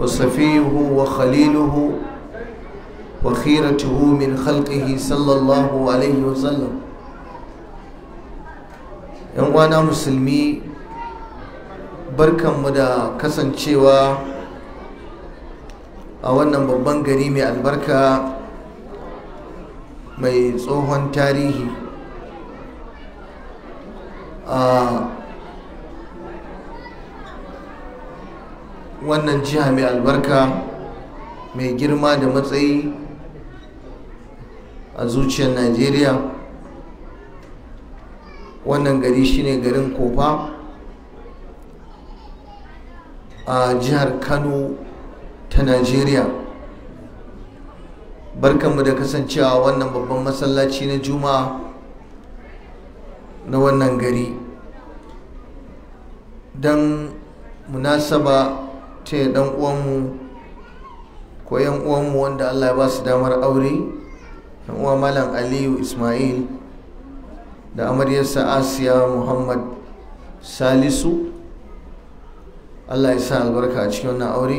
وصفيه وخليله وخيرته من خلقه صلى الله عليه وسلم وانا مسلمي barkanmu da kasancewa a wannan babban gari mai albarka mai tsohon tarihi a wannan jiha mai albarka mai girma da matsayi a zuciyar najeriya wannan gari shine garin kofa a jihar kano ta najeriya barkanmu da kasancewa wannan babban masallaci na juma'a na wannan gari don munasaba ce dan uwanmu ko yan uwanmu wanda Allah ya ba su damar aure yan uwa malam Aliyu Ismail da amaryarsa Asiya Muhammad Salisu Allah ya sa albarka a cikin wannan aure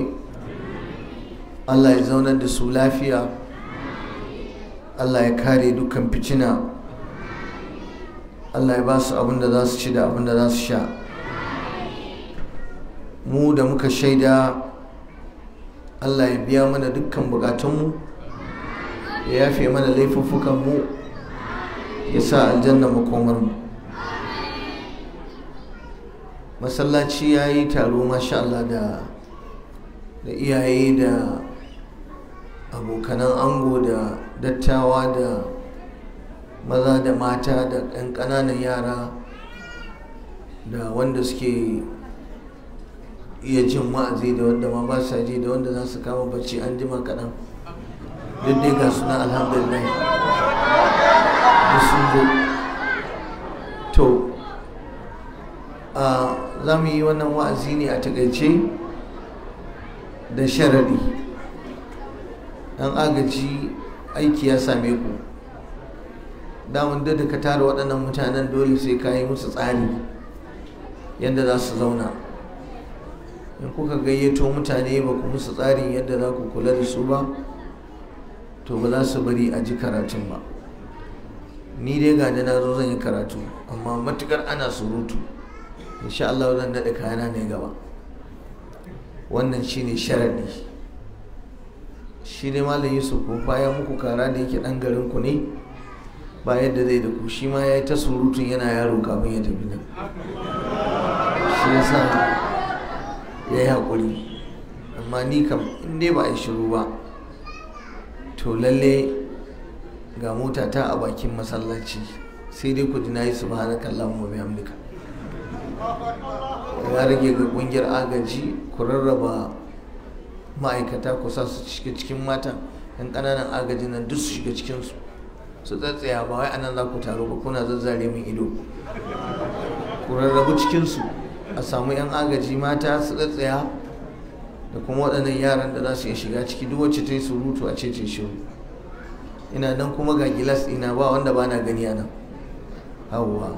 Allah ya zaunar da su lafiya Allah ya kare dukkan fitina Allah ya ba su abin da za su ci da abin da za su sha mu da muka shaida allah ya biya mana dukkan bukatunmu ya yafe mana laifuffukanmu ya sa aljanna makomarmu masallaci ya yi taro masha allah da da iyaye da abokanan ango da dattawa da maza da mata da 'yan ƙananan yara da wanda suke iya jin wa'azi da wanda ma ba sa ji da wanda za su kama bacci an jima kaɗan duk dai ga suna alhamdulillah da sun zo to za mu yi wannan wa'azi ne a takaice da sharari dan agaji aiki ya same ku damun da ka tara waɗannan mutanen dole sai ka yi musu tsari yadda za su zauna in kuka gayyato mutane ba ku musu tsarin yadda za ku kula da su ba to ba za su bari a ji karatun ba ni dai ga na zo zan yi karatu amma matukar ana surutu insha Allah zan daɗa kayana ne gaba wannan shine sharadi shi dai malam Yusuf ko fa ya muku kara da yake dan garin ku ne ba yadda zai da ku shi ma yayi ta surutun yana yaro kafin ya tafi nan shi yasa ya yi haƙuri amma ni kam in dai ba a yi shiru ba to lalle ga mota ta a bakin masallaci sai dai ku ji na yi su subhanaka mu bihamdika ya rage ga ƙungiyar agaji ku rarraba ma'aikata ku sa su shiga cikin mata yan ƙananan agaji nan duk su shiga cikin su su tsatsaya ba wai anan za ku taro ba kuna zazzare min ido ku rarrabu su. a samu 'yan agaji mata su tsatsaya da kuma waɗannan yaran da za su iya shiga ciki duk wacce ta yi surutu a cece shi ina nan kuma ga gilas ina ba wanda ba na gani a nan hauwa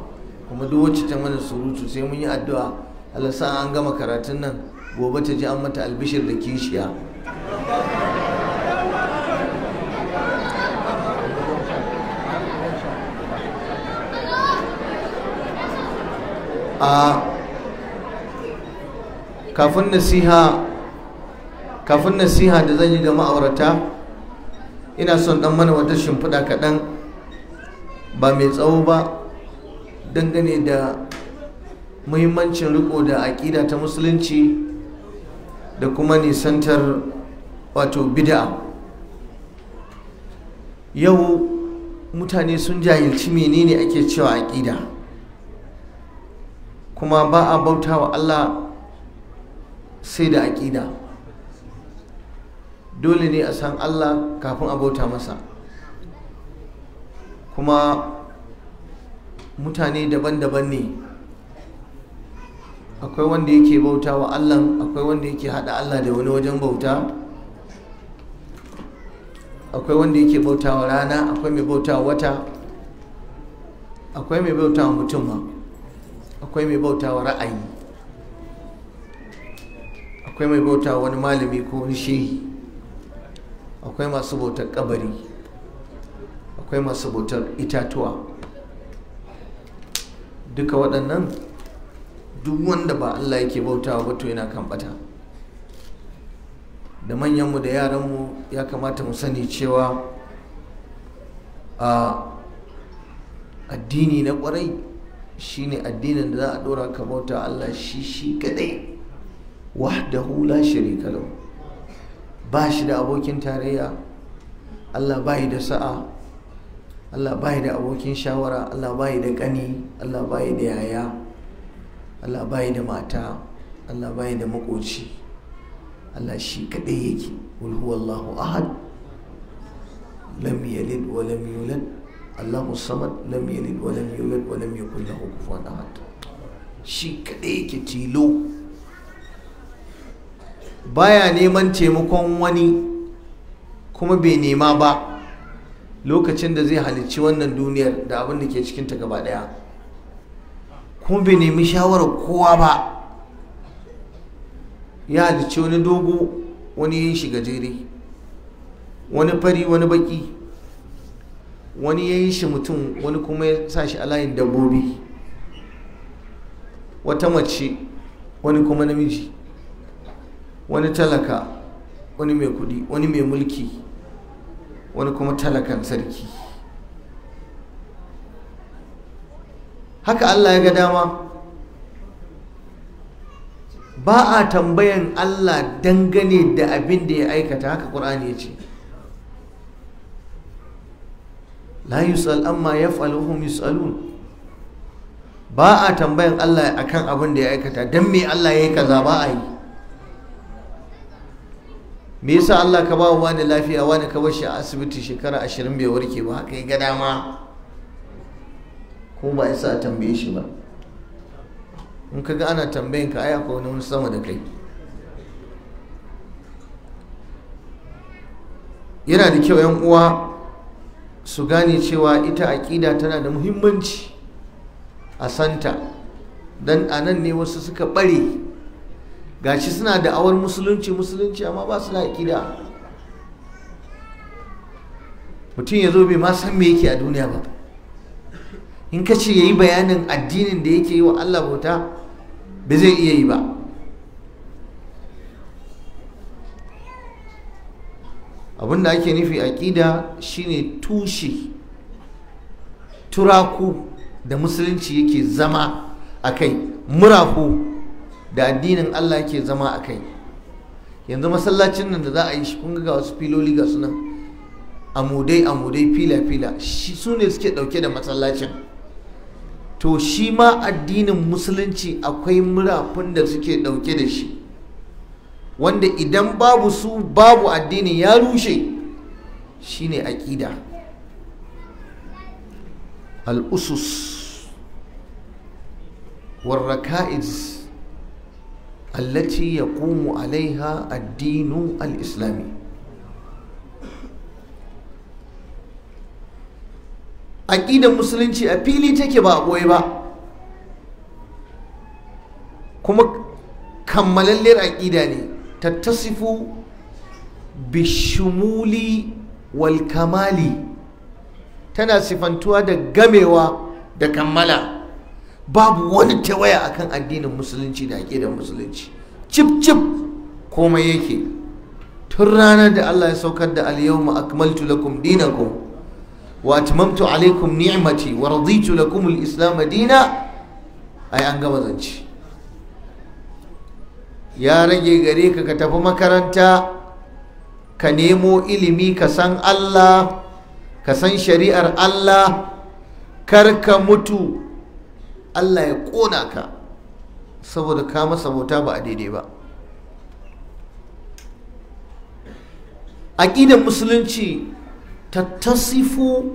kuma duk wacce ta mana surutu sai mun yi addu'a Allah an gama karatun nan gobe ta ji an mata albishir da kishiya a kafin nasiha kafin nasiha da zan yi da ma'aurata ina son dan mana wata shimfiɗa kaɗan ba mai tsawo ba dangane da muhimmancin riko da aƙida ta musulunci da kuma nisantar wato bid'a yau mutane sun jahilci menene ake cewa aƙida kuma ba a bauta wa Allah sai da aƙida dole ne a san Allah kafin a bauta masa kuma mutane daban-daban ne akwai wanda yake bauta wa Allah akwai wanda yake haɗa Allah da wani wajen bauta akwai wanda yake bauta wa rana akwai mai bauta wa wata akwai mai bauta wa mutum akwai mai bauta wa ra'ayi akwai mai bauta wani malami ko wani shehi akwai masu bautar kabari akwai masu bautar itatuwa duka waɗannan duk wanda ba Allah yake bautawa ba to yana kan da manyanmu da yaranmu ya kamata mu sani cewa a addini na kwarai shine addinin da za a dora ka bauta Allah shi shi kadai wahdahu la sharika lahu ba shi da abokin tarayya Allah bai da sa'a Allah bai da abokin shawara Allah bai da ƙani. Allah bai da yaya Allah bai da mata Allah bai da makoci Allah shi kadai yake qul huwallahu ahad lam yalid wa lam yulad Allahu samad lam yalid wa lam yulad wa lam yakul lahu kufuwan ahad shi kadai yake tilo baya neman taimakon wani kuma bai nema ba lokacin da zai halicci wannan duniyar da abin da ke cikinta gaba daya kuma bai nemi shawarar kowa ba ya halicci wani dogo wani ya yi shi gajere wani fari wani baki wani ya yi shi mutum wani kuma ya sa shi a layin dabbobi wata mace wani kuma namiji wani talaka wani mai kudi wani mai mulki wani kuma talakan sarki haka Allah ya ga dama ba a tambayan Allah dangane da abin da ya aikata haka ƙur'ani ya ce la al'amma ya yaf'aluhum yusalun ba a tambayan Allah akan abin da ya aikata don me Allah ya yi kaza ba a yi me yasa Allah ka ba wani lafiya wani ka bar shi a asibiti shekara ashirin bai warke ba haka ya ga dama ko ba yasa a tambaye shi ba in ka ga ana tambayin ka ai akwai wani sama da kai yana da kyau yan uwa su gane cewa ita aƙida tana da muhimmanci a santa don a nan ne wasu suka ɓare gashi suna da awar musulunci musulunci amma ba su da aƙida mutum ya zo bai ma san me yake a duniya ba in ka ce ya yi bayanin addinin da yake yi wa Allah bauta ba zai iya yi ba abinda ake nufi aƙida shine tushe turaku da musulunci yake zama a kai muraku da addinin Allah ke zama a kai yanzu masallacin nan da za a yi shi kun ga wasu filoli ga sunan amudai amudai fila fila shi su ne suke dauke da masallacin to shi ma addinin musulunci akwai murafin da suke dauke da shi wanda idan babu su babu addini ya rushe shine aƙida alusus usus allati yaqumu alaiha addinu al-islami aƙidar musulunci a fili take ba a ɓoye ba kuma kammalalliyar aƙida ne tattasifu bishumuli wal kamali tana sifantuwa da gamewa da kammala babu wani tawaya akan addinin musulunci da da musulunci cip cip komai yake tun ranar da Allah ya saukar da al-yawma akmaltu lakum dinakum wa atmamtu alaikum ni'mati wa raditu lakum al-islam dina ai an gama zance ya rage gare ka ka tafi makaranta ka nemo ilimi ka san Allah ka san shari'ar Allah kar ka mutu Allah ya ƙona ka saboda ka masa bauta ba a daidai ba aƙidar musulunci ta tasifu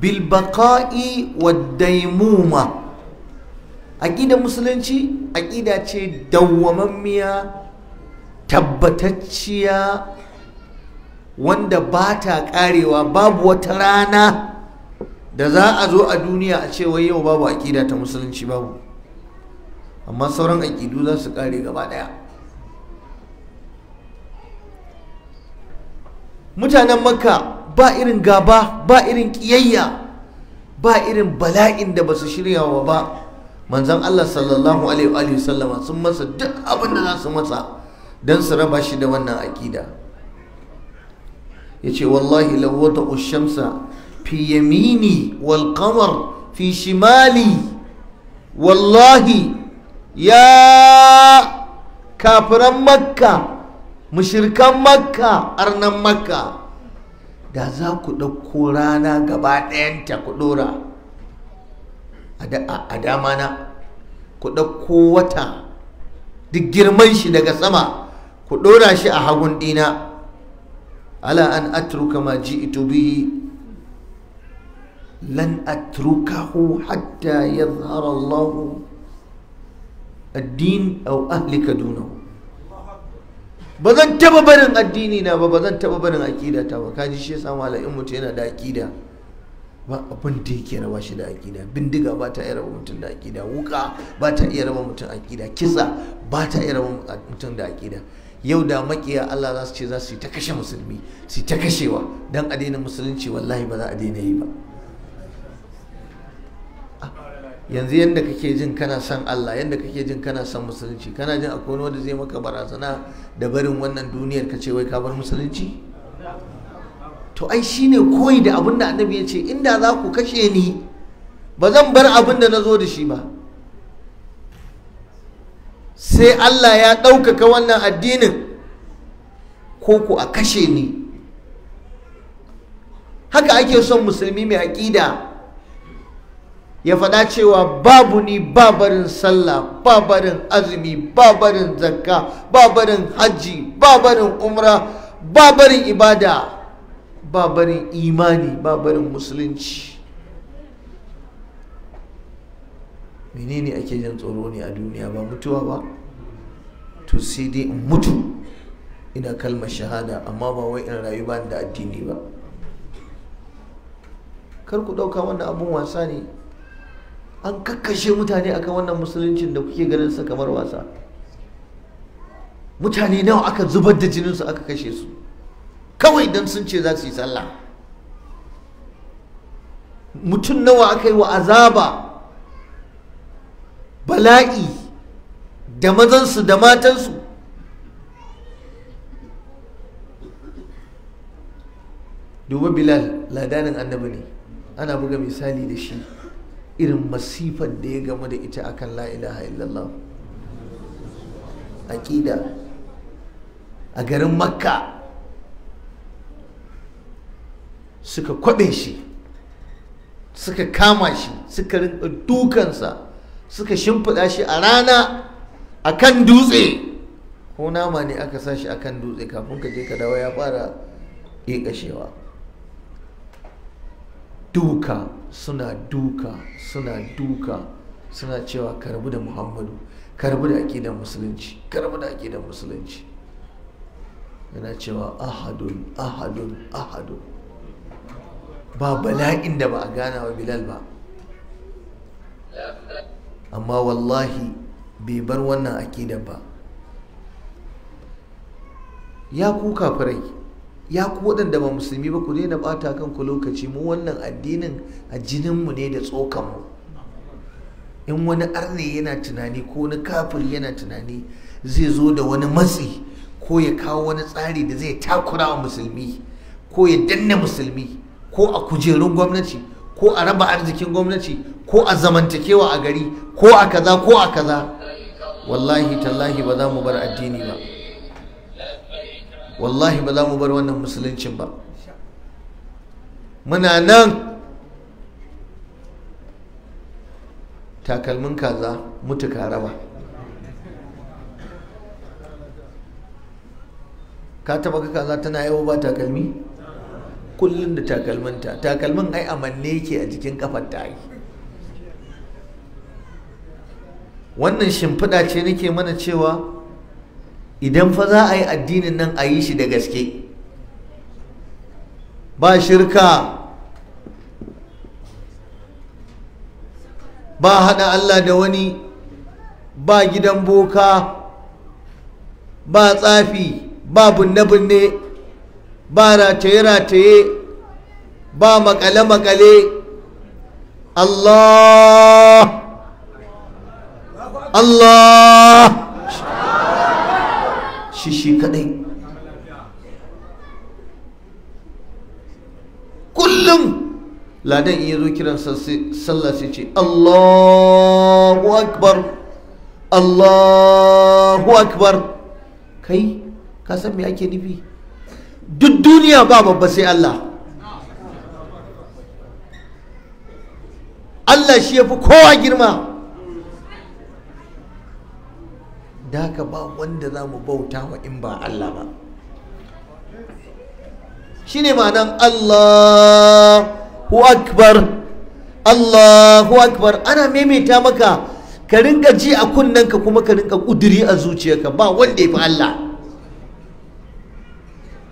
bilbaka'i wa daimuma aƙidar musulunci aƙida ce dawwamammiya tabbatacciya wanda ba ta ƙarewa babu wata rana da za a zo a duniya a ce wai yau babu aƙida ta musulunci babu amma sauran aƙidu za su ƙare gaba ɗaya mutanen makka ba irin gaba ba irin ƙiyayya ba irin bala'in da ba su wa ba manzan Allah sallallahu alaihi wa sallama sun masa duk abin da za su masa don su raba shi da wannan aƙida ya ce wallahi lawata ushamsa fi yamini fishimali wallahi ya kafiran makka mushirkan makka arnan makka da za ku ɗauko rana gaba ɗayanta ku ɗora a damana ku ɗauko wata duk shi daga sama ku ɗora shi a hagun ɗina ala an atruka ma ji ito bihi lan أتركه hatta يظهر الله الدين أو أهلك دونه بذن barin addini na ba ba taba barin aqida ta ba kaji shi yasa malamin yana da aqida ba دا yake باتا shi da bindiga باتا دا wuka yau da makiya Allah za su ce za su yi ta kashe musulmi su ta kashewa dan addinin musulunci wallahi ba za a daina yi ba yanzu yadda kake jin kana son Allah yadda kake jin kana son musulunci kana jin akwai wanda zai maka barazana da barin wannan duniyar ka ce wai ka bar musulunci to ai shine koyi da abin da annabi ya ce inda za ku kashe ni ba zan bar abin da na zo da shi ba sai Allah ya ɗaukaka wannan addinin ko ku a kashe ni haka ake son musulmi mai aƙida ya faɗa cewa babu ni babarin sallah babarin azumi babarin zakka babarin hajji babarin umra babarin ibada babarin imani babarin musulunci menene ake jan tsoro ne a duniya ba mutuwa ba to sai dai in mutu ina kalmar shahada amma ba wai in rayu ba da addini ba kar ku ɗauka wannan abun wasa ne an kakkashe mutane akan wannan musuluncin da kuke ganin sa kamar wasa mutane nawa aka zubar da jininsu aka kashe su kawai don sun ce za su yi sallah mutum nawa aka yi wa azaba bala'i da mazansu da matansu duba bilal ladanin annabi ne ana buga misali da shi irin masifar da ya gamu da ita akan la ilaha illallah aƙida a garin makka suka kwaɗe shi suka kama shi suka rinka dukansa suka shimfiɗa shi a rana a kan dutse ko nama ne aka sa shi a kan dutse kafin ka je ka dawo ya fara ƙeƙashewa duka suna duka suna duka suna cewa karbu da muhammadu karbu da da musulunci karbu da da musulunci yana cewa ahadun ahadun ahadun ba bala'in da ba a gana wa bilal ba amma wallahi bai bar wannan aƙidar ba ya kuka farai ya ku waɗanda ba musulmi ba ku daina ɓata kanku lokaci mu wannan addinin a jininmu ne da tsokanmu in wani arne yana tunani ko wani kafin yana tunani zai zo da wani matsi ko ya kawo wani tsari da zai takura wa musulmi ko ya danna musulmi ko a kujerun gwamnati ko a raba arzikin gwamnati ko a zamantakewa a gari ko a kaza ko a kaza wallahi tallahi ba za mu bar addini ba wallahi ba za mu bar wannan musuluncin ba muna nan takalmin kaza mutu ka ba. ka taba ka kaza tana yawo ba takalmi kullum da takalminta takalmin ai amanne yake a jikin kafar ta yi wannan shimfiɗa ce nake mana cewa idan fa za a yi addinin nan a yi shi da gaske ba shirka ba haɗa Allah da wani ba gidan boka ba tsafi ba binne-binne ba rataye-rataye ba makale-makale Allah Allah shi shi kadai kullum ladan iya zo kiran sallah sai ce Allahu akbar Allahu akbar kai ka san me ake nufi duk duniya ba babba sai Allah Allah shi ya fi kowa girma daga ka ba wanda za mu bauta wa in ba Allah ba shi ne ma'anan Allahu akbar Allahu akbar ana maimaita maka ka ringa ji a kunnenka kuma ka ringa ƙuduri a zuciyarka ba wanda ya fi Allah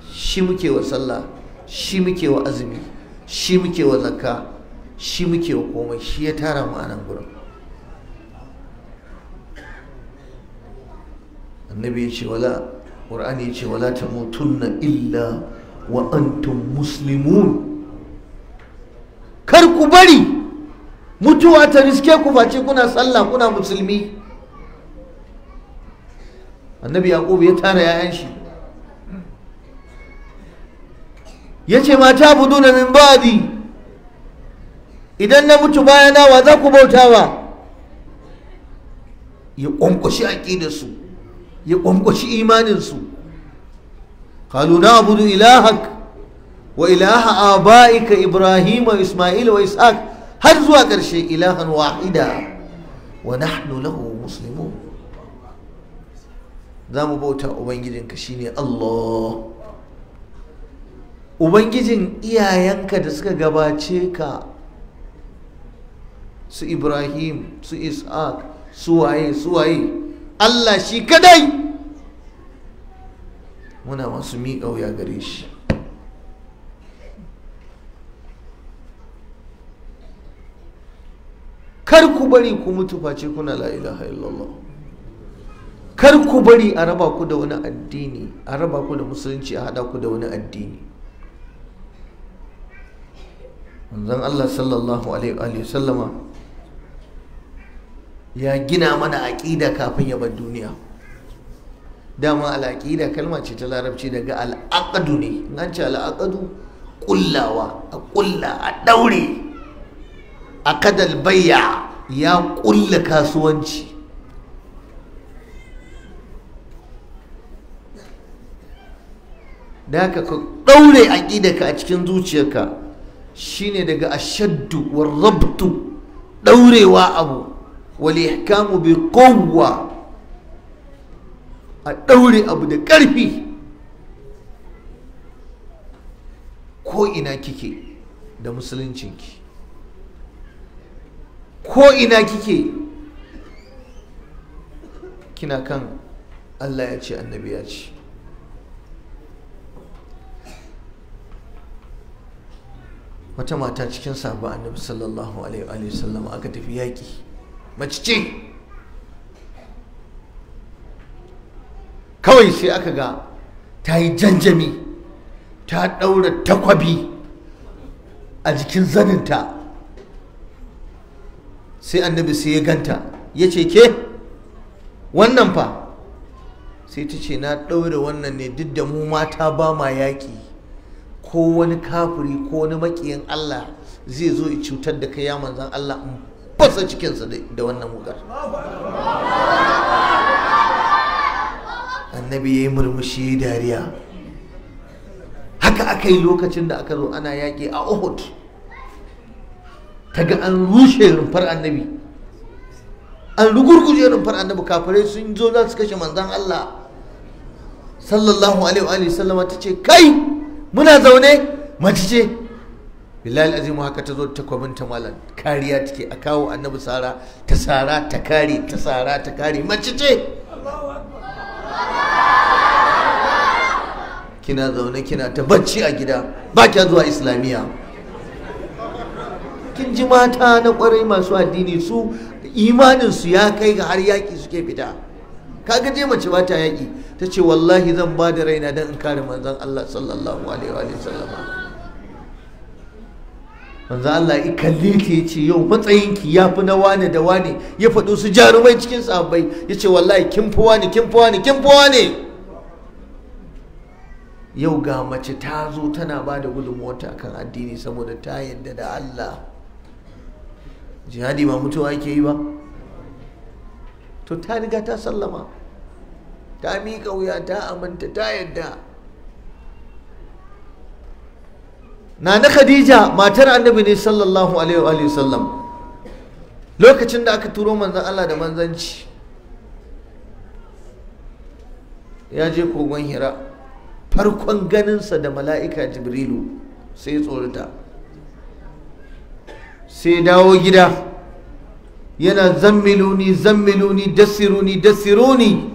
shi muke wa sallah shi muke wa azumi shi muke wa zakka shi muke wa komai shi ya tara mu gurin annabi ya ce wala qur'ani ya ce wala tamutunna illa wa antum muslimun kar ku bari mutuwa ta riske ku face kuna sallah kuna musulmi annabi yaqub ya tara yayan shi ya ce mata buduna min ba'di idan na mutu bayana wa za ku bautawa ya ƙwanƙwashi aƙidarsu ya kwankwashi imaninsu kalu na abudu ilahak wa ilaha aba'ika ibrahim wa isma'il wa ishaq har zuwa ƙarshe ilahan wahida wa nahnu lahu muslimun za mu bauta ubangijinka shine Allah ubangijin iyayenka da suka gabace ka su ibrahim su ishaq su waye su waye Allah shi kadai muna masu miƙa wuya gare shi kar ku bari ku mutu face kuna la ilaha illallah kar ku bari a raba ku da wani addini a raba ku da musulunci a hada ku da wani addini manzon Allah sallallahu alaihi wa ya gina mana aƙida kafin ya bar duniya dama al'aƙida kalma ce ta larabci daga al'aqadu ne nan ce al'aqadu kullawa a kulla a daure a kadal bayya ya ƙulla kasuwanci da haka ka daure aƙidaka a cikin zuciyarka shine daga ashaddu wa rabtu daurewa abu walihkamu bi kowa a ɗaure abu da ƙarfi ko ina kike da musuluncinki ko ina kike kina kan Allah ya ce annabi ya ce wata mata cikin sabon annabi sallallahu alaihi wasallam aka tafi yaƙi mace ce kawai sai aka ga ta yi janjami ta ɗaura takwabi a jikin zaninta sai annabi sai ya ganta ya ce ke wannan fa sai ta ce na ɗaura wannan ne duk da mu mata ba ma yaƙi ko wani kafiri ko wani maƙiyin allah zai zo ya cutar da kai ya manzan allah fasa cikinsa da wannan wukar annabi ya yi murmushi dariya haka aka yi lokacin da aka zo ana yaƙi a uhud ta ga an rushe rumfar annabi an rugurguje rumfar annabi kafirai sun zo za su kashe manzan allah sallallahu alaihi wa sallama ta ce kai muna zaune mace ce billahi azim haka ta zo ta kwaminta malam kariya take a kawo annabi sara ta sara ta kare ta sara ta kare mace ce kina zaune kina ta bacci a gida ba kya zuwa islamiyya kin ji mata na kwarai masu addini su imaninsu ya kai ga har yaƙi suke fita kaga je mace ba ta yaƙi ta ce wallahi zan ba da raina don in kare manzon Allah sallallahu alaihi wa sallam manzo Allah ya kalle ta yace yau matsayinki ya fi na wane da wane ya faɗo su jarumai cikin sahabbai yace wallahi kin fi wane kin fi wane kin fi wane yau ga mace ta zo tana ba da ta kan addini saboda ta yadda da Allah jihadi ba mutuwa yake yi ba to ta riga ta sallama ta miƙa wuya ta aminta ta yadda Na nana khadija matar annabi ne sallallahu alaihi wasallam lokacin da aka turo manzan Allah da manzanci ya je kogon hira farkon ganinsa da mala'ika jibrilu sai tsorata sai dawo gida yana zammiluni zammiluni dasiruni dasiruni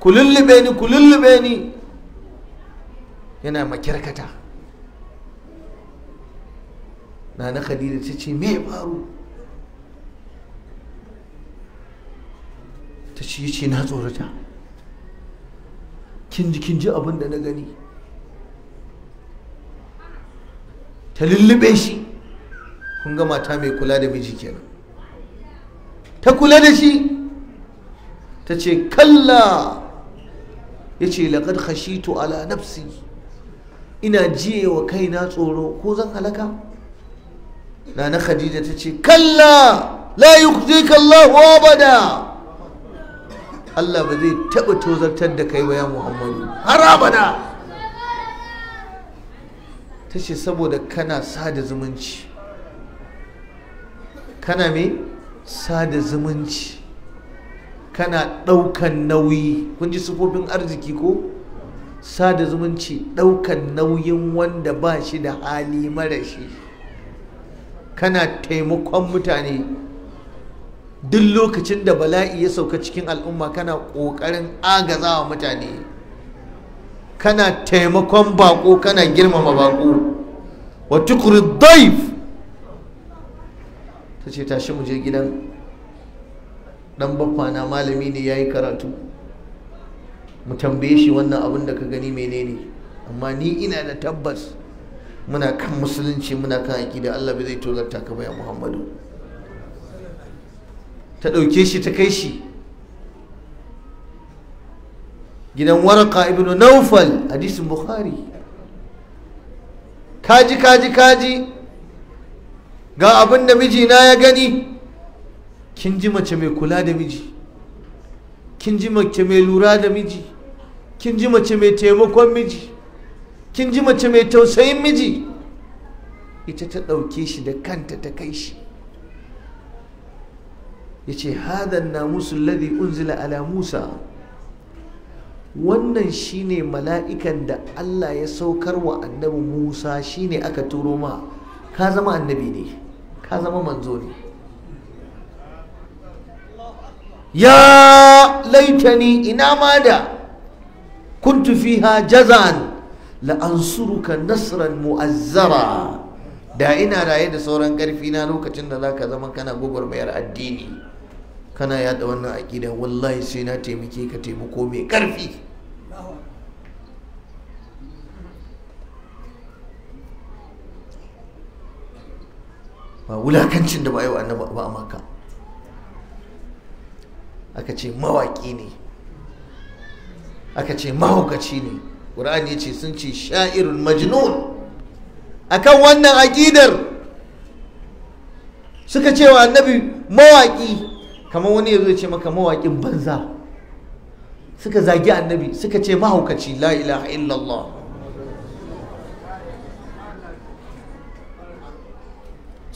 ku ni ku ni yana makirkata na na khadija ta ce me faru ta ce ce na tsorata kin ji kin ji abin da na gani ta lullube shi kun ga mata mai kula da miji kenan ta kula da shi ta ce kalla ya ce laƙar khashitu ala nafsi ina jiye wa kaina tsoro ko zan halaka nana khadija ta ce kalla la yukhzika Allahu abada Allah ba zai taɓa tozartar da kai ba ya Muhammadu har abada ta ce saboda kana sada zumunci kana me sada zumunci kana ɗaukan nauyi kun ji sufofin arziki ko sada zumunci ɗaukan nauyin wanda ba shi da hali mara shi kana taimakon mutane duk lokacin da bala'i ya sauka cikin al'umma kana ƙoƙarin agazawa mutane kana taimakon bako kana girmama bako wata tukurin ta ce tashi muje gidan dan na malami ne ya yi karatu mu tambaye shi wannan abin da ka gani menene amma ni ina da tabbas muna kan musulunci muna kan aƙida Allah bai zai tozarta ka ba ya Muhammadu ta ɗauke shi ta kai shi gidan waraka ibn naufal hadisin bukhari kaji kaji kaji ga abin da mijina ya gani kin ji mace mai kula da miji kin ji mace mai lura da miji kin ji mace mai taimakon miji kin ji mace mai tausayin miji ita ta ɗauke shi da kanta ta kai shi ya ce hadan namusu ladhi unzila ala musa wannan shine mala'ikan da allah ya saukar wa annabi musa shine aka turo ma ka zama annabi ne ka zama manzo ne ya laitani ina ma da kuntu fiha jaza'an la'ansuruka nasran mu'azzara da ina raye da sauran karfi na lokacin da za ka zama kana mayar addini kana yada wannan aƙida wallahi sai na taimake ka taimako mai karfi ba wulakancin da ba yi annaba ba maka aka ce mawaki ne aka ce mahaukaci ne Qur'ani ce sun ce sha'irul majnun akan wannan aƙidar suka ce wa annabi mawaƙi kamar wani ya ce maka mawaƙin banza suka zagi annabi suka ce mahaukaci la ilaha illallah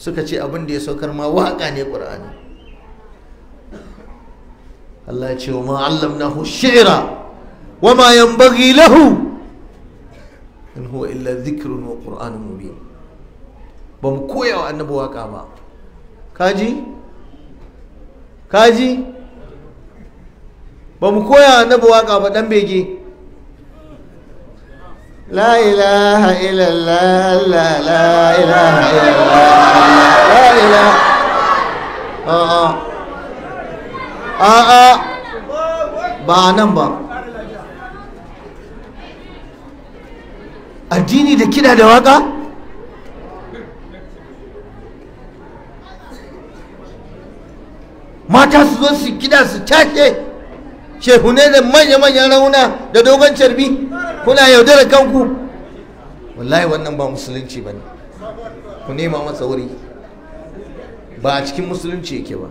suka ce abin da ya saukar ma waƙa ne ƙur'ani Allah ya ce wa ma'allam na shi'ira wa ma yan lahu in huwa illa dhikrun wa qur'anun mubin ba mu koya wa annabi waka ba kaji kaji ba mu koya wa annabi waka ba dan bege لا إله إلا الله لا لا إله إلا الله لا إله آه آه آه آه ba nan ba addini da kiɗa da waƙa mata su zo su kiɗa su take ne da manya-manyan rauna da dogon carbi kuna yaudara kanku wallahi wannan ba musulunci ba ne ku nema masa wuri ba a cikin musulunci yake ba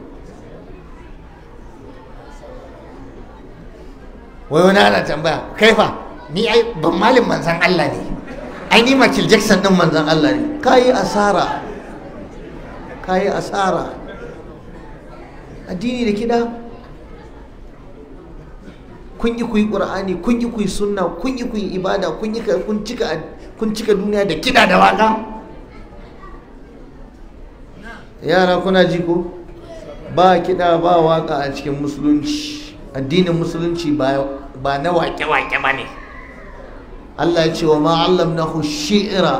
wai wani ana tambaya kai fa ni ai ban malin manzan Allah ne aini Michael Jackson din manzon Allah ne yi asara yi asara addini da kida kun yi kuyi qur'ani kun yi kuyi sunna kun yi kuyi ibada kun yi kun cika kun cika duniya da kida da waka yara kuna ji ko ba kida ba waka a cikin musulunci addinin musulunci ba na wake-wake ba ne Allah ya ce wa ma'allam na shira. shi'ira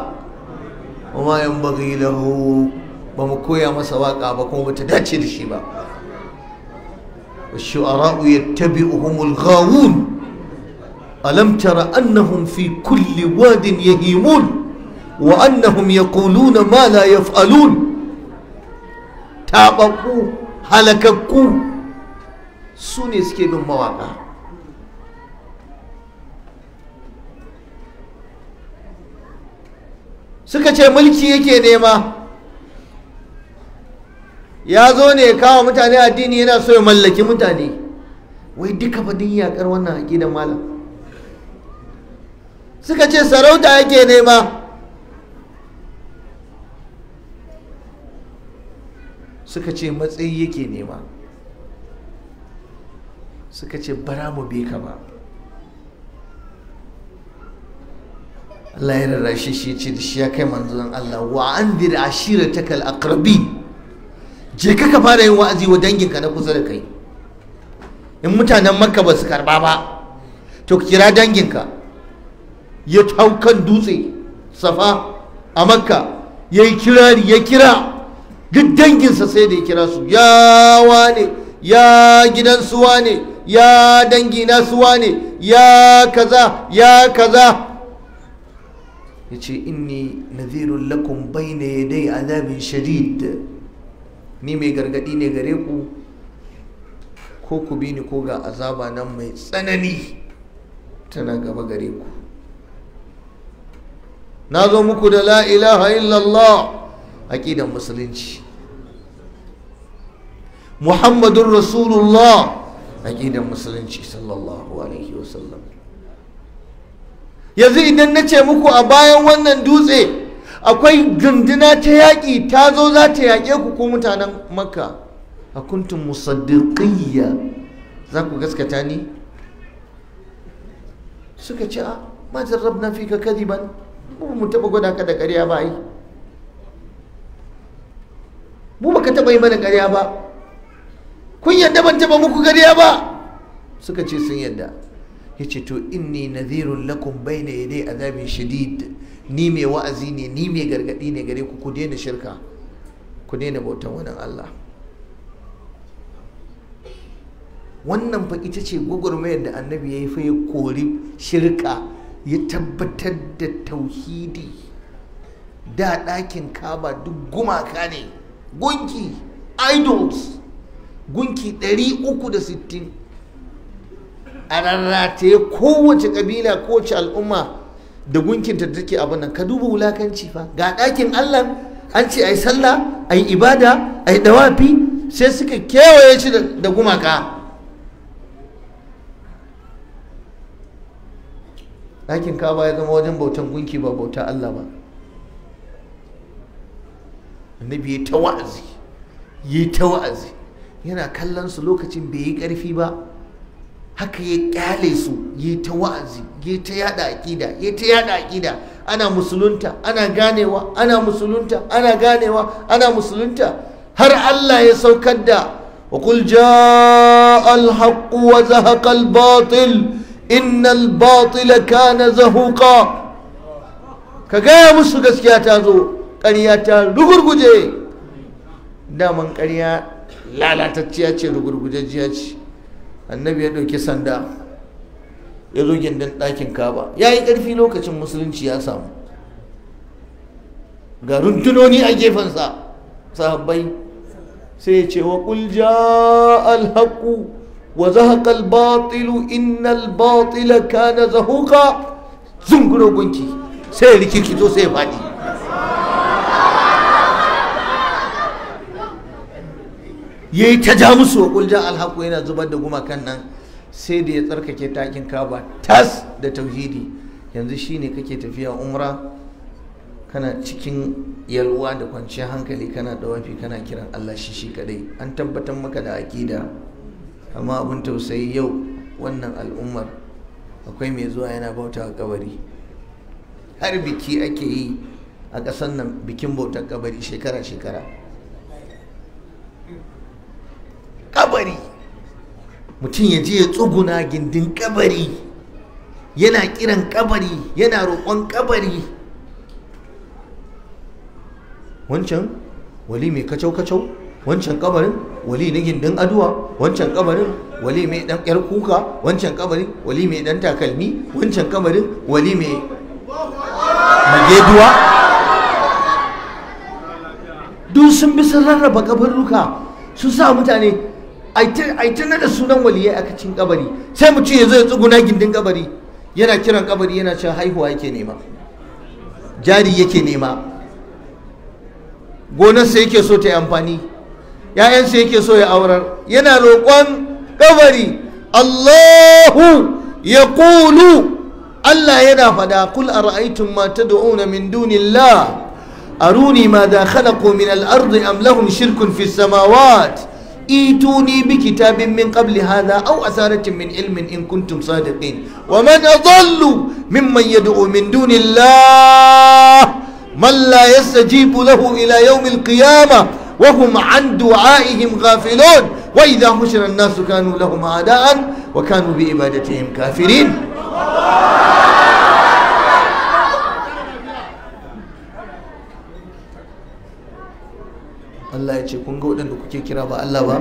wa ma yan bagi lahu ba mu koya masa waƙa ba kuma ta dace da shi ba shu'ara'u yattabi'uhum al-ghawun alam tara annahum fi kulli wadin yahimun wa annahum yaquluna ma la yaf'alun tababu halakakku su ne suke bin mawaka suka ce mulki yake nema ya zo ne kawo mutane addini yana so ya mallaki mutane wai duka fadin yakar wannan aƙidan malam suka ce sarauta yake nema suka ce matsayi yake nema suka ce bara mu bi ka ba Allah ya rarrashe shi ce da shi ya kai manzon Allah wa ta ashirataka a aqrabi je ka ka fara yin wa'azi wa danginka na kusa da kai in mutanen makka ba su karba ba to kira danginka ya taukan dutse safa a makka ya yi kirari ya kira duk danginsa sai da ya kira su ya wane ya gidan su wane ya dangi na su wane ya kaza ya kaza ya ce inni nadhirun lakum bayna yaday azabin shadid ni mai gargadi ne gare ku ko ku bi ni ko ga azaba nan mai tsanani tana gaba gare ku na zo muku da la ilaha illallah aqidan musulunci muhammadun rasulullah aqidan musulunci sallallahu alaihi wasallam yanzu idan na ce muku a bayan wannan dutse akwai gunduna ta yaƙi ta zo za ta yaƙe ku ko mutanen makka a kuntun musaddiqiyya za ku gaskata ni suka ce a ah, majin rab na fika kadi ba mu taɓa gwada ka da ƙarya ba ai mu ka taɓa yi mana ƙarya ba kun yadda ban taɓa muku ƙarya ba suka ce sun yadda yace to inni nadhirun lakum bayna yaday azabin shadid ni mai wa'azi ne ni mai gargadi ne gare ku ku daina shirka ku daina bautan wani Allah wannan fa ita ce gwagwarmayar da annabi ya yi fa ya kori shirka ya tabbatar da tauhidi da ɗakin kaba duk gumaka ne gunki idols gunki 360 a rarrataye kowace kabila kowace al'umma da gunkinta da take abin nan ka duba wulakanci fa ga ɗakin allah an ce a yi sallah a yi ibada a yi dawafi sai suka kewaye shi da gumaka ɗakin kaba ya zama wajen bautan gunki ba bauta allah ba annabi ya ta wa'azi ya ta wa'azi yana kallon su lokacin bai yi ƙarfi ba haka ya kyale su yi ta wa'azi yi ta yada aqida yi ana musulunta ana ganewa ana musulunta ana ganewa ana musulunta har Allah ya saukar da wa qul jaa al haqq wa zahaqa al batil in al batil kana ka gaya musu gaskiya ta zo ƙarya ta ruguguje. daman ƙarya lalatacciya ce rugurgujajiya ce annabi ya ɗauki sanda ya zo gindin ɗakin kaba ya yi ƙarfi lokacin musulunci ya samu ga rundunoni a gefensa sahabbai sai ya ce wa ƙulja alhaƙu wa zahaƙa albatilu innal batila kana zahuka zungurogunki sai ya to sai ya faɗi ya yi ta ja musu wa kulja alhaku yana zubar da gumakan nan sai da ya tsarkake takin kaba tas da tauhidi yanzu shine kake tafiya umra kana cikin yalwa da kwanciyar hankali kana wafi kana kiran Allah shi shi kadai an tabbatar maka da akida amma abin tausayi yau wannan al'ummar akwai mai zuwa yana bauta a kabari har biki ake yi a ƙasar nan bikin bautar kabari shekara-shekara kabari mutum ya je ya tsuguna gindin kabari yana kiran kabari yana roƙon kabari wancan wali mai kacau-kacau wancan kabarin wali na gindin aduwa wancan kabarin wali mai dan yar kuka wancan kabarin wali mai dan takalmi wancan kabarin wali mai mageduwa duk sun bi sun rarraba kabarruka sun sa mutane ai tana da sunan waliyai a cikin kabari sai mutum ya zo ya tsuguna gindin kabari yana kiran kabari yana cewa haihuwa yake nema jari yake nema gonarsa yake so ta yi amfani ‘ya'yansa yake so ya aurar yana roƙon kabari Allahu ya kulu Allah yana fada kul mata da tad'una min dunillah aruni ma da khalaqu min al-ardi am lahum shirkun fi samawat ايتوني بكتاب من قبل هذا أو أثارة من علم إن كنتم صادقين ومن أضل ممن يدعو من دون الله من لا يستجيب له إلى يوم القيامة وهم عن دعائهم غافلون وإذا حشر الناس كانوا لهم أعداء وكانوا بإبادتهم كافرين Allah ya ce kun ga waɗanda kuke kira ba Allah ba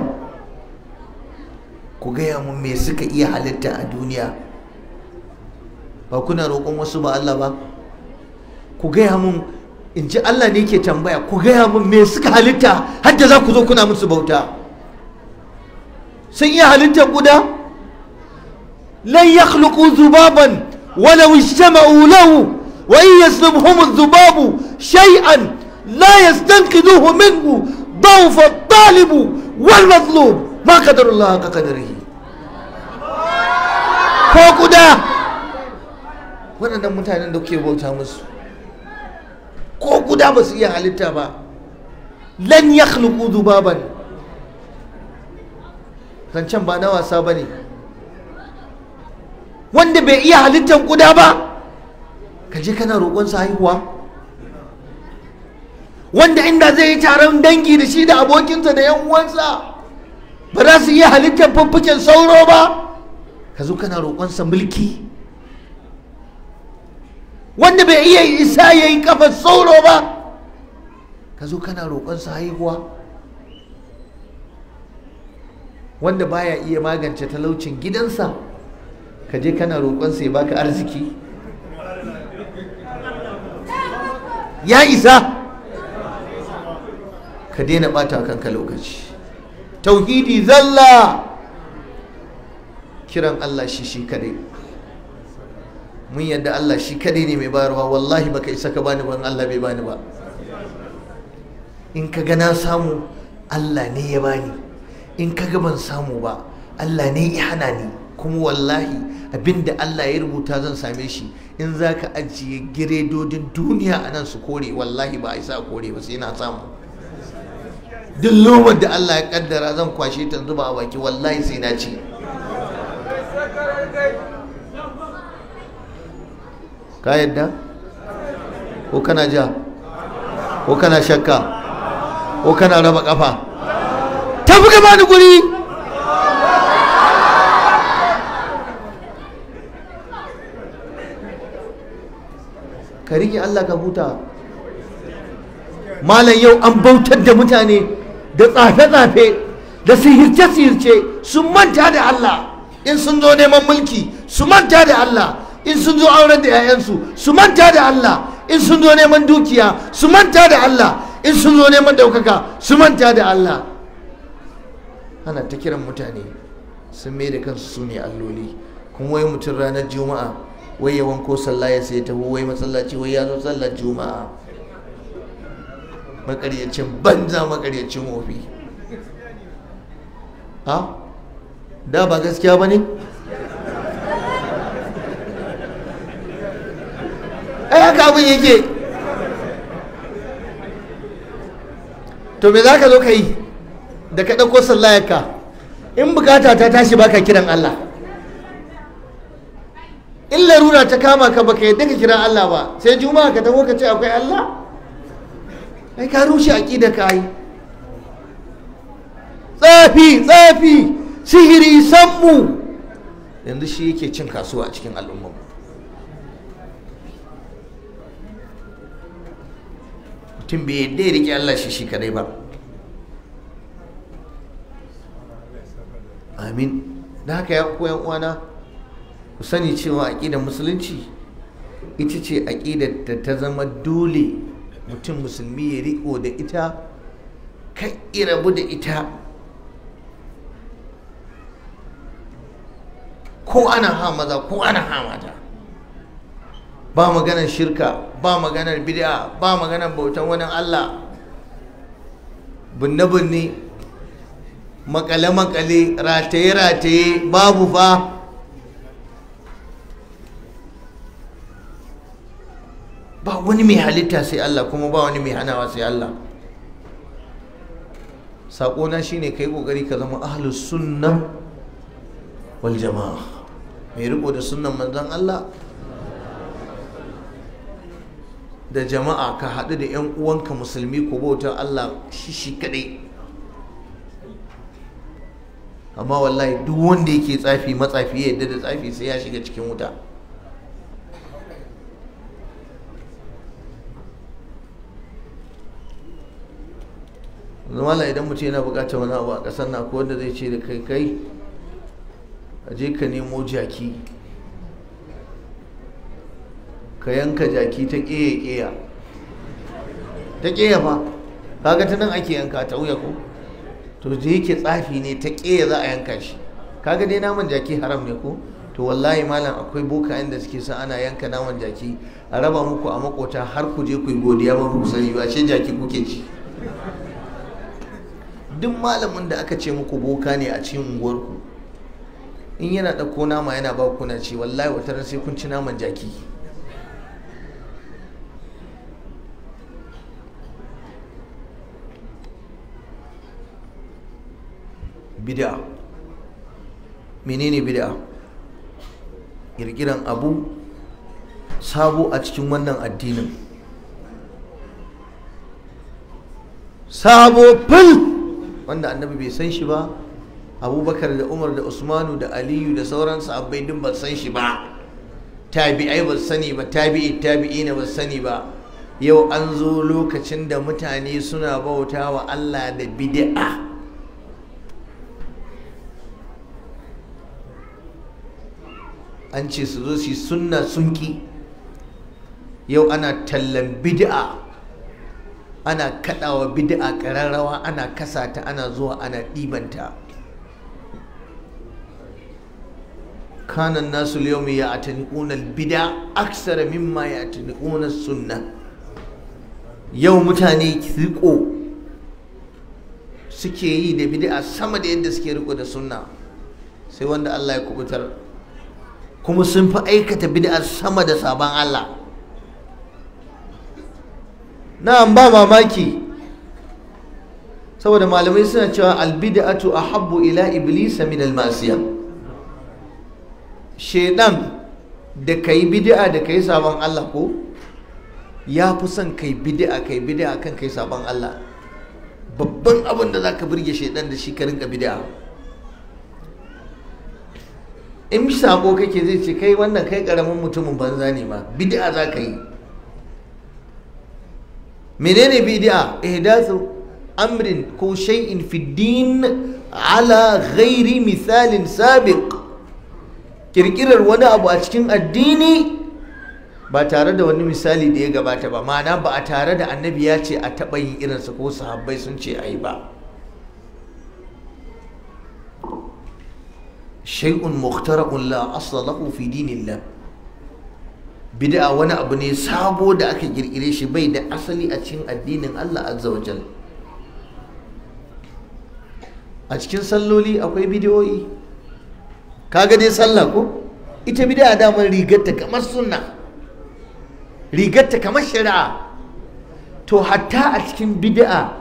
ku gaya mun me suka iya halitta a duniya ba kuna roƙon wasu ba Allah ba ku gaya mun in ji Allah ne ke tambaya ku gaya mun me suka halitta har da za ku zo kuna musu bauta sun iya halitta guda lan yakhluqu zubaban walau ijtama'u lahu wa in yaslubhum adh-dhubabu shay'an la yastanqidhuhu minhu ضعف الطالب والمظلوم ما قدر الله حق قدره ko guda waɗannan mutanen da kuke bauta musu ko guda ba su iya halitta ba lan ya dubaban zancen ba na wasa ba ne wanda bai iya halittar guda ba ka je kana roƙonsa haihuwa wanda inda zai yi taron dangi da shi da abokinsa da yan uwansa ba za su iya halittar fuffuken sauro ba ka zo kana roƙonsa mulki wanda bai iya isa ya yi kafar sauro ba ka zo kana roƙonsa haihuwa wanda baya iya magance talaucin gidansa ka je kana roƙonsa ya baka arziki ya isa ka daina bata kanka lokaci tauhidi zalla kiran Allah shi shi kadai mun yadda Allah shi kadai ne mai bayarwa wallahi baka isa ka bani ban Allah bai bani ba in ka ga samu Allah ne ya bani in ka ga ban samu ba Allah ne ya hana ni kuma wallahi abinda Allah ya rubuta zan same shi in za ka ajiye giredodin duniya a nan su kore wallahi ba a isa kore ba sai na samu duk lomar da Allah ya kaddara zan kwashe ta zuba a baki wallahi sai na ci ka yadda ko kana ja ko kana shakka ko kana raba kafa tafi gaba da guri ka riƙe Allah ka huta malam yau an bautar da mutane da tsafe-tsafe da sihirce-sihirce su manta da Allah in sun zo neman mulki su manta da Allah in sun zo auren da 'ya'yansu su manta da Allah in sun zo neman dukiya su manta da Allah in sun zo neman daukaka su manta da Allah ana ta kiran mutane sun mai da kansu su ne alloli kuma wai mutum ranar juma'a wai ya wanko sallah ya sai taho wai masallaci wai ya zo sallar juma'a makaryacin banza makaryacin wofi ha da ba gaskiya ba ne ai haka abin yake to me za ka zo ka yi da ka ɗauko sallayarka in bukata ta tashi baka kiran Allah in larura ta kama ka baka yadda ka kiran Allah ba sai juma'a ka tafi ka ce akwai Allah ai ka rushe aqida ka ai tsafi tsafi sihiri sammu yanzu shi yake cin kasuwa a cikin al'umma mutum bai yadda ya riƙe Allah shi shi kadai ba amin da haka ya koyan uwana ku sani cewa aƙidar musulunci ita ce aƙidar da ta zama dole mutum musulmi ya riko da ita kan rabu da ita ko ana hama maza ko ana hama. ba maganar shirka ba maganar bid'a ba maganar bautan wani Allah binne-binne makale-makale rataye-rataye babu ba ba wani mai halitta sai Allah kuma ba wani mai hanawa sai Allah saƙona shine kai ƙoƙari ka zama ahlus sunna wal jama'a mai riko da sunnan manzon Allah da jama'a ka haɗu da 'yan uwanka musulmi ko bautar Allah shi shi kaɗai amma wallahi duk wanda yake tsafi matsafi ya yadda da tsafi sai ya shiga cikin wuta mala idan mutum yana bukatar wani abu a kasar na ko wanda zai ce da kai kai a je ka nemo jaki ka yanka jaki ta ƙeya ƙeya ta ƙeya fa kaga ta nan ake yanka ta wuya ko to je yake tsafi ne ta ƙeya za a yanka shi kaga dai naman jaki haram ne ko to wallahi malam akwai boka da suke sa ana yanka naman jaki a raba muku a makota har ku je ku yi godiya ba ku sani ba ce jaki kuke ci duk malamin da aka ce muku boka ne a cikin unguwarku in yana ɗauko nama yana ba ku ce wallahi wata ran sai kun ci naman jaki bid'a menene bid'a kirkiran abu sabo a cikin wannan addinin sabo fil wanda annabi bai san shi ba abubakar da umar da usmanu da aliyu da sauransu sahabbai duk ba san shi ba tabi'ai ba sani ba tabi'i tabi'i na ba sani ba yau an zo lokacin da mutane suna bauta wa Allah da bid'a an ce su zo su sunna sunki yau ana tallan bid'a ana kaɗawa bid'a kararrawa ana kasata ana zuwa ana ɗibanta kanan nasu liyomi ya tanikunan bid'a aksara mimma ya tanikunan sunna yau mutane riko suke yi da bid'a sama da yadda suke riko da sunna sai wanda Allah ya kubutar kuma sun fi aikata bid'a sama da sabon Allah na'am ba mamaki saboda malamai suna cewa albid'atu ahabbu ila iblisa min almasiya shedan da kai bid'a da kai sabon Allah ko ya fi son kai bid'a kai bid'a kan kai sabon Allah babban abin da zaka burge shedan da shi ka rinka bid'a in sabo kake zai ce kai wannan kai karamin mutumin banza ne ma bid'a za ka yi menene bid'a ihdathu amrin ko shay'in fi din ala ghairi misalin sabiq kirkirar wani abu a cikin addini ba tare da wani misali da ya gabata ba ma'ana ba a tare da annabi ya ce a taɓa yin irinsa ko sahabbai sun ce a yi ba shay'un mukhtara'un la asla lahu fi dinillah bid'a wani abu ne sabo da aka kirkire shi bai da asali a cikin addinin Allah azza wa jal a cikin salloli akwai bidiyoyi kaga dai sallah ko ita bid'a daman rigarta kamar sunna rigarta kamar shari'a to hatta a cikin bid'a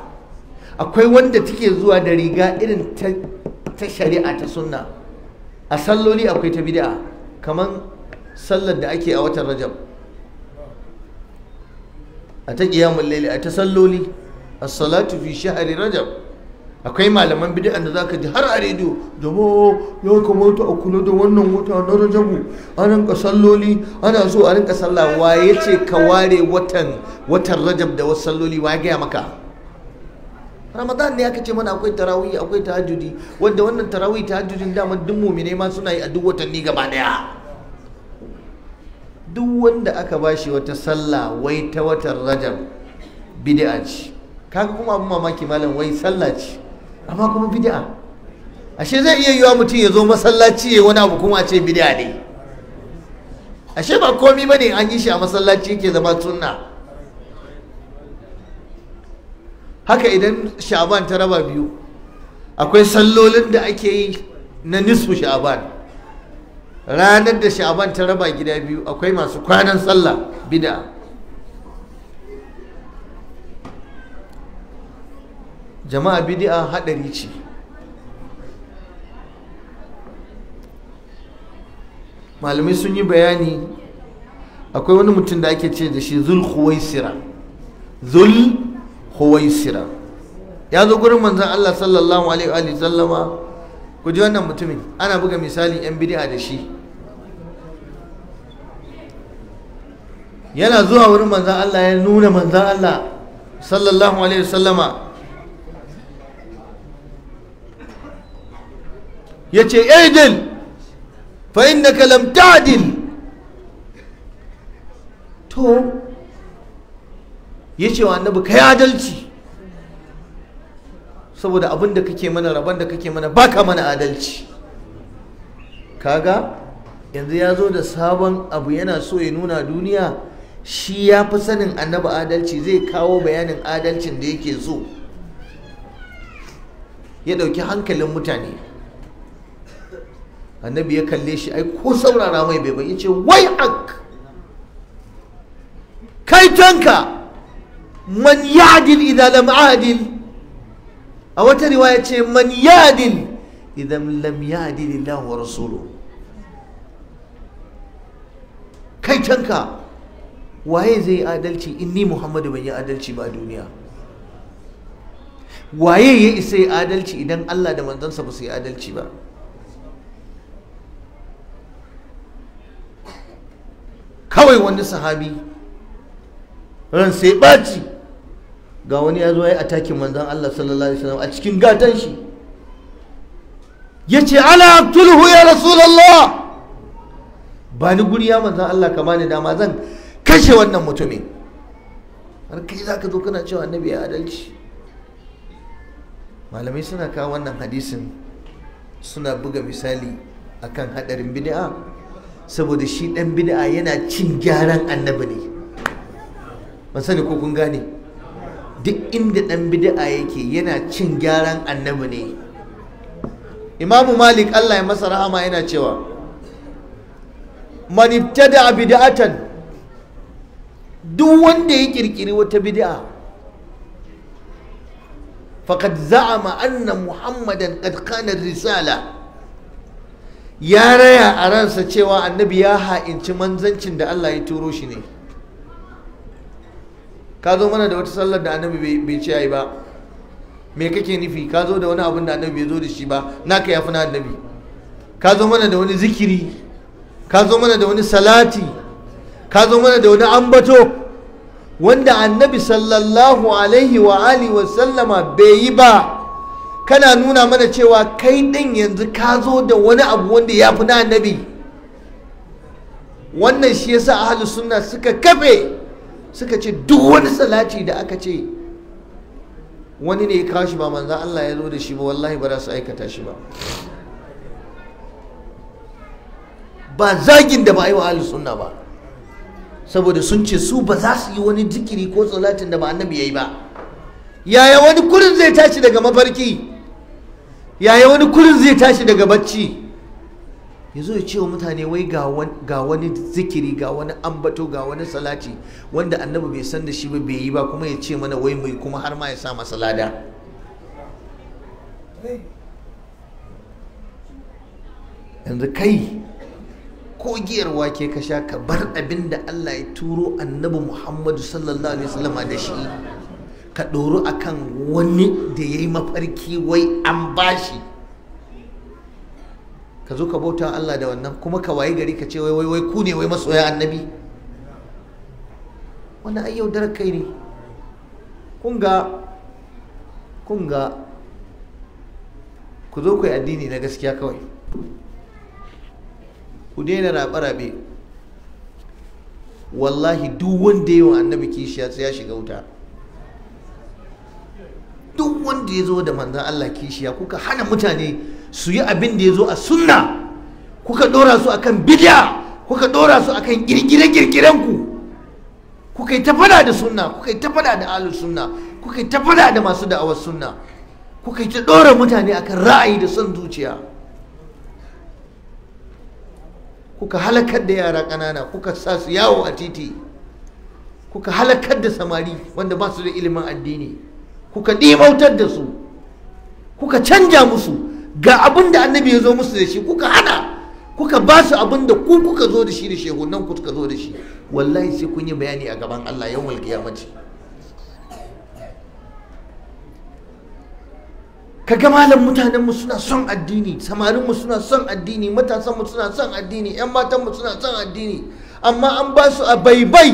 akwai wanda take zuwa da riga irin ta shari'a ta sunna a salloli akwai ta bid'a kamar sallar da ake a watan rajab a ta ƙiyamun laili a ta salloli a salatu fi shahari rajab akwai malaman bid'a da zaka ji har a rediyo jamo ya kamata a kula da wannan wata na rajabu a ka salloli ana so a rinka sallah wa ya ce ka ware watan rajab da wasu salloli wa ya gaya maka ramadan ne aka ce mana akwai tarawih akwai tahajjudi wanda wannan tarawih tahajjudin dama duk ma suna yi a duk watanni gaba daya duk wanda aka bashi wata sallah wai ta watan rajab bid'a ce kaga kuma abin mamaki malam wai sallah ce amma kuma bid'a ashe zai iya yiwa mutum ya zo masallaci ya wani abu kuma ce bid'a ne ashe ba komi ba ne an yi shi a masallaci yake zama sunna haka idan sha'aban ta raba biyu akwai sallolin da ake yi na nisfu sha'aban ranar da sha'aban ta raba gida biyu akwai masu kwanan sallah bida jama'a bid'a haɗari ce malamai sun yi bayani akwai wani mutum da ake ce da shi zul huwaisira zul huwaisira ya zo gurin manzan Allah sallallahu alaihi wa ku ji wannan mutumin ana buga misalin 'yan bid'a da shi yana zuwa wurin manzan Allah ya nuna manzan Allah sallallahu alaihi wasallama ya ce idil fa innaka lam ta'dil to ya ce wa annabi kai adalci saboda abin da kake mana rabon da kake mana baka mana adalci kaga yanzu ya zo da sabon abu yana so ya nuna duniya shi ya fi sanin annaba adalci zai kawo bayanin adalcin da yake so ya ɗauki hankalin mutane annabi ya kalle shi ai ko saurara mai bai bai ce wai ak kai tanka man yadil idan lam adil a wata riwaya ce man yadin idan lam yadin Allah wa rasulu kai canka waye zai adalci in ni Muhammadu ban yi adalci ba a duniya waye ya isa yi adalci idan Allah da manzansa ba su yi adalci ba kawai wani sahabi ran sai ɓaci ga wani ya zo ya atakin manzan Allah sallallahu alaihi wasallam a cikin gatan shi ce ana tulhu ya rasulullah ba ni guri ya manzan Allah ka bani dama zan kashe wannan mutumin har kai ka zo kana cewa annabi ya adalci malamai suna kawo wannan hadisin suna buga misali akan hadarin bid'a saboda shi dan bid'a yana cin gyaran annabi ne ban sani ko kun gane duk inda ɗan bid'a yake yana cin gyaran annabi ne imamu malik allah ya masa rahama yana cewa man ibtada bid'atan duk wanda ya kirkiri wata bid'a faqad za'ama anna muhammadan qad kana risala ya raya a ransa cewa annabi ya ha'inci manzancin da allah ya turo shi ne ka zo mana da wata sallar da annabi bai ce ai ba me kake nufi ka zo da wani abin da annabi bai zo da shi ba naka yafi na annabi ka zo mana da wani zikiri ka zo mana da wani salati ka zo mana da wani ambato wanda annabi sallallahu alaihi wa alihi wa sallama bai yi ba kana nuna mana cewa kai din yanzu ka zo da wani abu wanda ya fi na annabi wannan shi yasa ahlus sunna suka kafe suka ce duk wani salati da aka ce wani ne ya kawo shi ba manzan Allah ya zo da shi ba wallahi ba za su aikata shi ba ba zagin da ba a yi wa ahli sunna ba saboda sun ce su ba za su yi wani jikiri ko salatin da ba annabi ya yi ba yaya wani kurin zai tashi daga mafarki yaya wani kurin zai tashi daga bacci ya zo ya ce wa mutane wai ga wani zikiri ga wani ambato ga wani salati wanda annabi bai san da shi ba bai yi ba kuma ya ce mana wai mai kuma har ma ya sa masa lada yanzu kai ko giyar wake ka sha ka bar abin da Allah ya turo annabi Muhammadu sallallahu alaihi wasallama da shi ka ɗoru akan wani da ya yi mafarki wai an bashi ka zo ka bauta Allah da wannan kuma ka waye gari ka ce wai wai wai ku ne wai masoya annabi wannan ai yaudarar kai ne kun ga kun ga ku zo ku yi addini na gaskiya kawai ku daina rabe-rabe wallahi duk wanda yawan annabi kishiya sai ya shiga wuta duk wanda ya zo da manzan Allah kishiya kuka hana mutane su yi abin da ya zo a sunna kuka ɗora su akan bid'a kuka ɗora su akan girgire girgirenku kuka yi ta da sunna kuka yi ta fada da ahlus sunna kuka yi ta da masu da'awar sunna kuka yi ta ɗora mutane akan ra'ayi da son zuciya kuka halakar da yara ƙanana kuka sa su yawo a titi kuka halakar da samari wanda ba su da ilimin addini kuka ɗimautar da su kuka canja musu ga abin da annabi ya zo musu da shi kuka hana kuka ba su abin da ku kuka zo da shi da shehu, nan kuka zo da shi wallahi sai kun yi bayani a gaban Allah yau mulki ya mace ka ga malam mutanenmu suna son addini samarinmu suna son addini matasanmu suna son addini 'yan matanmu suna son addini amma an ba su a baibai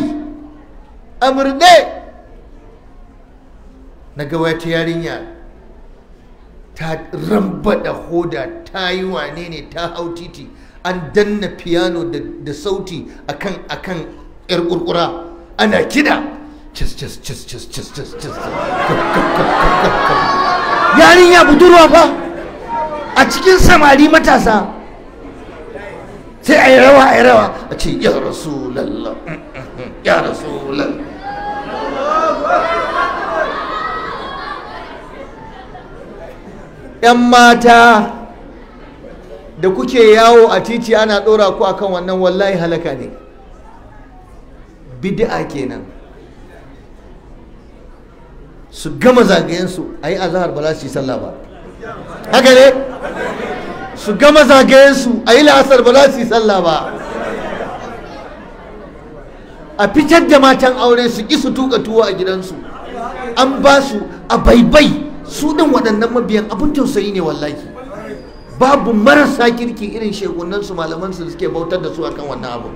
a murde, na ga wata yarinya ta rambada hoda ta yi wane ne ta hau titi an danna piano da sauti akan akan yar kurkura ana kida cis cis cis cis cis cis cis yarinya budurwa fa a cikin samari matasa sai a yi rawa a yi rawa a ce ya rasu lalla mm, mm, mm. ya rasu lalla 'yan mata da kuke yawo a titi ana ɗora ku akan wannan wallahi halaka ne bid'a kenan su gama zagayensu a yi azahar ba za su yi sallah ba haka ne su gama zagayensu a yi la'asar ba za su yi sallah ba a fitar da matan aure su ƙi su tuka tuwo a gidansu an ba su a baibai su waɗannan mabiyan abin tausayi ne wallahi babu marasa kirki irin shekunan su malaman su suke bautar da su akan wannan abu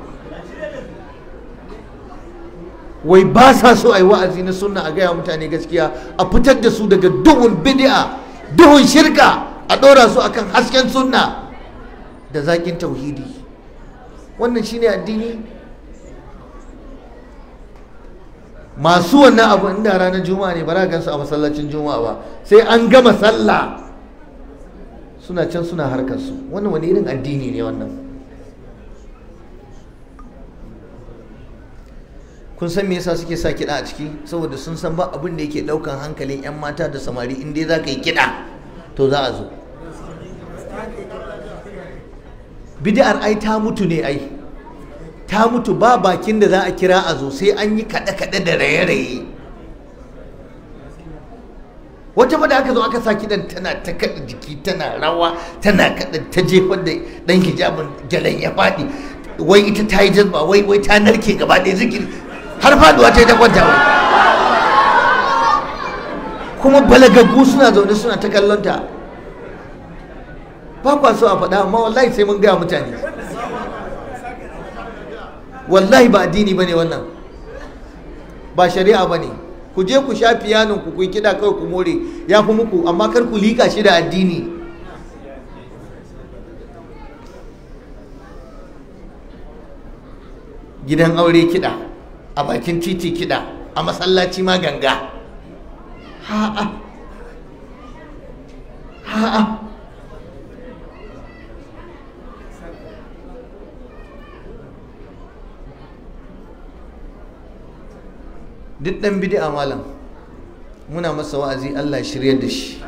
wai ba sa so a yi wa'azi na sunna a gaya mutane gaskiya a fitar da su daga duhun bidi'a duhun shirka a ɗora su akan hasken sunna da zaƙin tauhidi wannan shine addini masu wannan abu inda ranar juma'a ne ba za gansu a masallacin juma'a ba sai an gama sallah suna can suna harkar su wani irin addini ne wannan kun san me yasa suke sa kiɗa a ciki saboda sun san ba abin da yake ɗaukan hankalin 'yan mata da samari in dai za ka yi kiɗa to za a zo Bidi'ar ai ta mutu ne ai ta mutu ba bakin da za a kira a zo sai an yi kaɗe-kaɗe da raye-raye wata ba da aka zo aka sa kiɗan tana ta kaɗa jiki tana rawa tana kaɗa ta jefar da ɗan hijabin jalan ya faɗi wai ita ta yi jazba wai wai ta narke gaba ɗaya zikiri har faɗuwa ta yi ta kwanta wai kuma balagagu suna zaune suna ta kallon ta ba kwa so a faɗa amma wallahi sai mun gaya mutane wallahi ba addini ba ne wannan ba shari'a ba ne ku je ku sha fiyanin ku kuyi kiɗa kawai ku more ya fi muku amma kar ku lika shi da addini gidan aure kiɗa a bakin titi kiɗa a masallaci ma ganga ha'a ha'a duk ɗan bid'a malam muna masa wa'azi Allah shirya da shi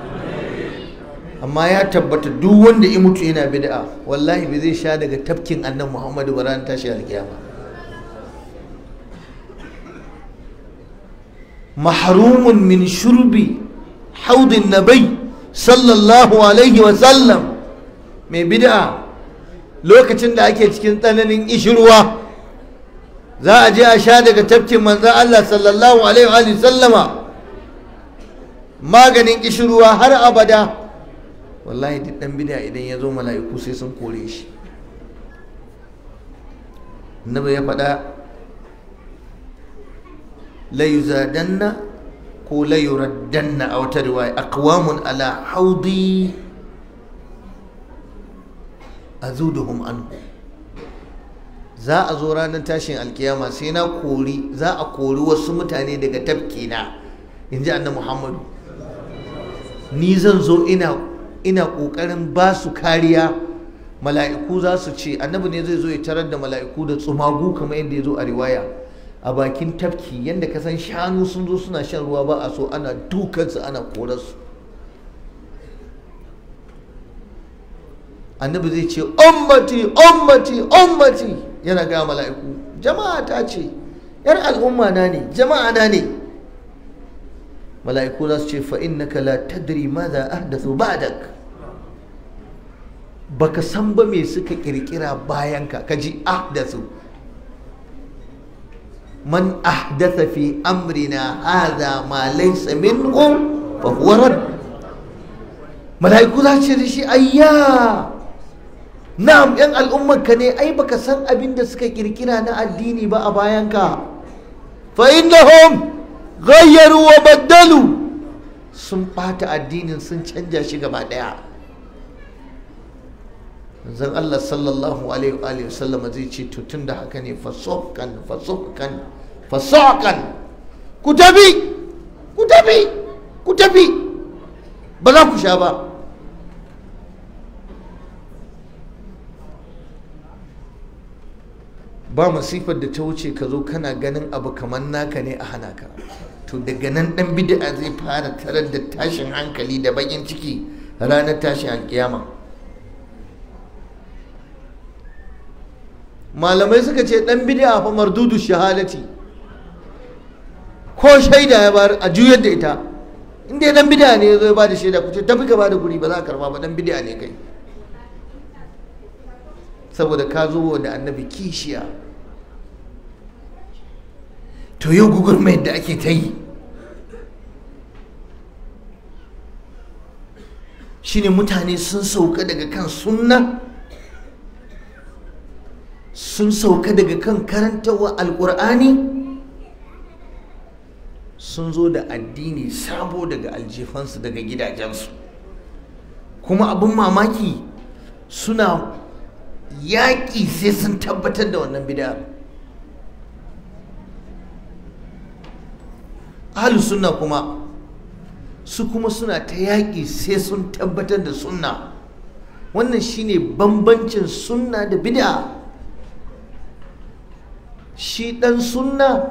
amma ya tabbata duk wanda ya mutu yana bid'a wallahi bai zai sha daga tafkin annan Muhammadu ba ran tashi alkiyama mahrumun min shurbi haudin nabai sallallahu alaihi wa sallam mai bid'a lokacin da ake cikin tsananin ishirwa za a je a sha daga tafkin manzan Allah sallallahu alaihi sallama maganin ƙishirwa har abada wallahi duk ɗan bid'a idan ya zo mala'iku sai sun kore shi annabi ya faɗa layuzadanna ko layuraddanna a wata riwaya aqwamun ala haudi azuduhum anhu za a zo ranar tashin alkiyama sai na kori za a kori wasu mutane daga na. in ji annan muhammadu ni zan zo ina ina ƙoƙarin ba su kariya mala'iku za su ce annabi ne zai zo ya tarar da mala'iku da tsumagu kamar yadda ya zo a riwaya a bakin tafki yadda ka san shanu sun zo suna shan ruwa ba a so ana dukansu ana korarsu annabi zai ce ummati ummati ummati yana ga mala'iku jama'a ta ce yar al'umma na ne jama'a na ne mala'iku za su ce fa innaka la tadri ba ahdathu ba'dak baka san ba me suka kirkira bayan ka kaji ahdathu man ahdatha fi amrina hadha ma laysa minhum fa huwa rad mala'iku za su ce da shi ayya na'am yan al'ummarka ne ai baka san abin da suka kirkira na addini ba a bayanka fa innahum ghayyaru wa baddalu sun bata addinin sun canja shi gaba daya zan Allah sallallahu alaihi wa wasallam zai ce to tunda haka ne fasokan fasokan fasokan ku tafi ku tafi ku tafi ba za ku sha ba ba masifar da ta wuce ka zo kana ganin abu kamar naka ne a hana ka to daga nan dan bid'a zai fara tarar da tashin hankali da bakin ciki ranar tashin alkiyama malamai suka ce dan bid'a fa mardudu shahadati ko shaida ya bar a juyar da ita in dai dan bid'a ne zai ba da shaida ku ce tafi ka ba da guri ba za ka karba ba dan bid'a ne kai saboda ka zo da annabi kishiya to yau mai da ake ta yi shine mutane sun sauka daga kan sunna sun sauka daga kan karantarwa alkur'ani sun zo da addini sabo daga aljefansu daga gidajensu kuma abin mamaki suna yaƙi sai sun tabbatar da wannan bid'a ahalus sunna kuma su kuma suna ta yaƙi sai sun tabbatar da sunna wannan shine bambancin sunna da bid'a shi ɗan sunna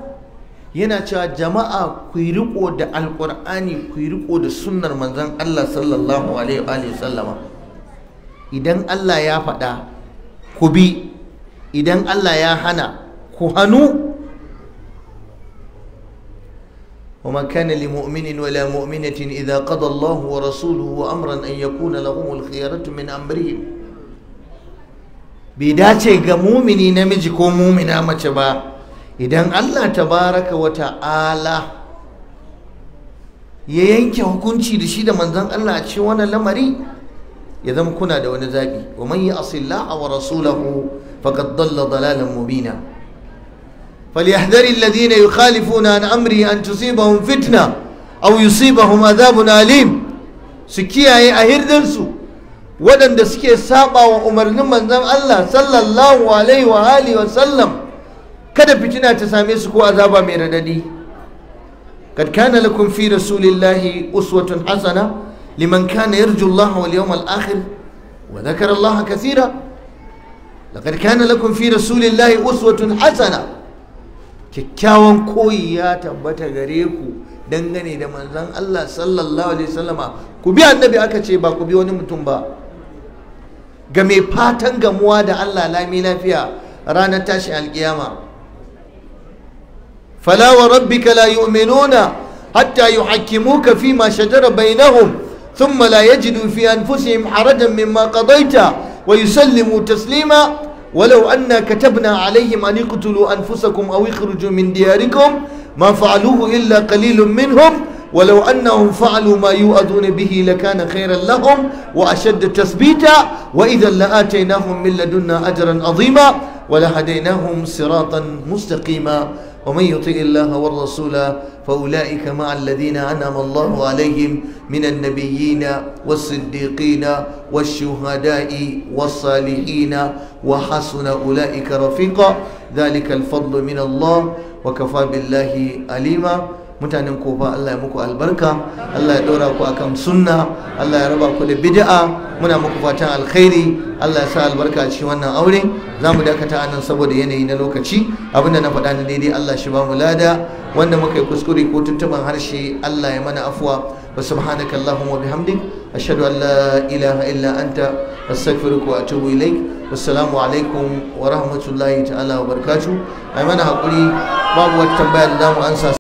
yana cewa jama'a ku yi riko da alƙur'ani ku yi riko da sunnar manzon Allah sallallahu alaihi wa sallama idan Allah ya faɗa ku bi idan Allah ya hana ku hannu وما كان لمؤمن ولا مؤمنة إذا قضى الله ورسوله أمرا أن يكون لهم الخيارة من أمرهم namiji ko نمجي mace ba? Idan إذن الله تبارك وتعالى ya yanke hukunci da shi da manzon Allah a ce wannan lamari ya zama kuna da wani zabi wa man yi asillaha wa rasulahu faqad dalla mubina فليحذر الذين يخالفون عن أمره أن تصيبهم فتنة أو يصيبهم عذاب أليم سكيا أهردنسو ودن دسكي سابا وعمر نمان الله صلى الله عليه وآله وسلم kada fitina ta same su ko azaba mai radadi kad kana lakum fi uswatun hasana liman kana yarju Allah wal yawm al akhir wa dhakara Allah kathira laqad uswatun hasana kyakkyawan koyi ya tabbata gare ku dangane da manzon Allah sallallahu alaihi wasallama ku bi annabi aka ce ba ku bi wani mutum ba ga mai fatan gamuwa da Allah lami lafiya ranar tashi alkiyama fala wa rabbika la yu'minuna hatta yuhakkimuka fi ma shajara bainahum thumma la yajidu fi anfusihim harajan mimma qadaita wa yusallimu taslima ولو أن كتبنا عليهم أن يقتلوا أنفسكم أو يخرجوا من دياركم ما فعلوه إلا قليل منهم ولو أنهم فعلوا ما يؤذون به لكان خيرا لهم وأشد تثبيتا وإذا لآتيناهم من لدنا أجرا عظيما ولهديناهم صراطا مستقيما ومن يطع الله والرسول فأولئك مع الذين أنعم الله عليهم من النبيين والصديقين والشهداء والصالحين وحسن أولئك رفيقا ذلك الفضل من الله وكفى بالله أليما mutanen kofa Allah ya muku albarka Allah ya dora ku akan sunna Allah ya raba ku da bid'a muna muku fatan alkhairi Allah ya sa albarka a cikin wannan aure za mu dakata anan saboda yanayi na lokaci abinda na faɗa na daidai Allah shi ba mu lada wanda muka yi kuskure ko tuntuban harshe Allah ya mana afuwa wa subhanaka allahumma bihamdik ashhadu an la ilaha illa anta astaghfiruka wa atubu ilaik wassalamu alaikum wa rahmatullahi ta'ala wa barakatuh ai mana hakuri babu wata tambaya da zamu ansa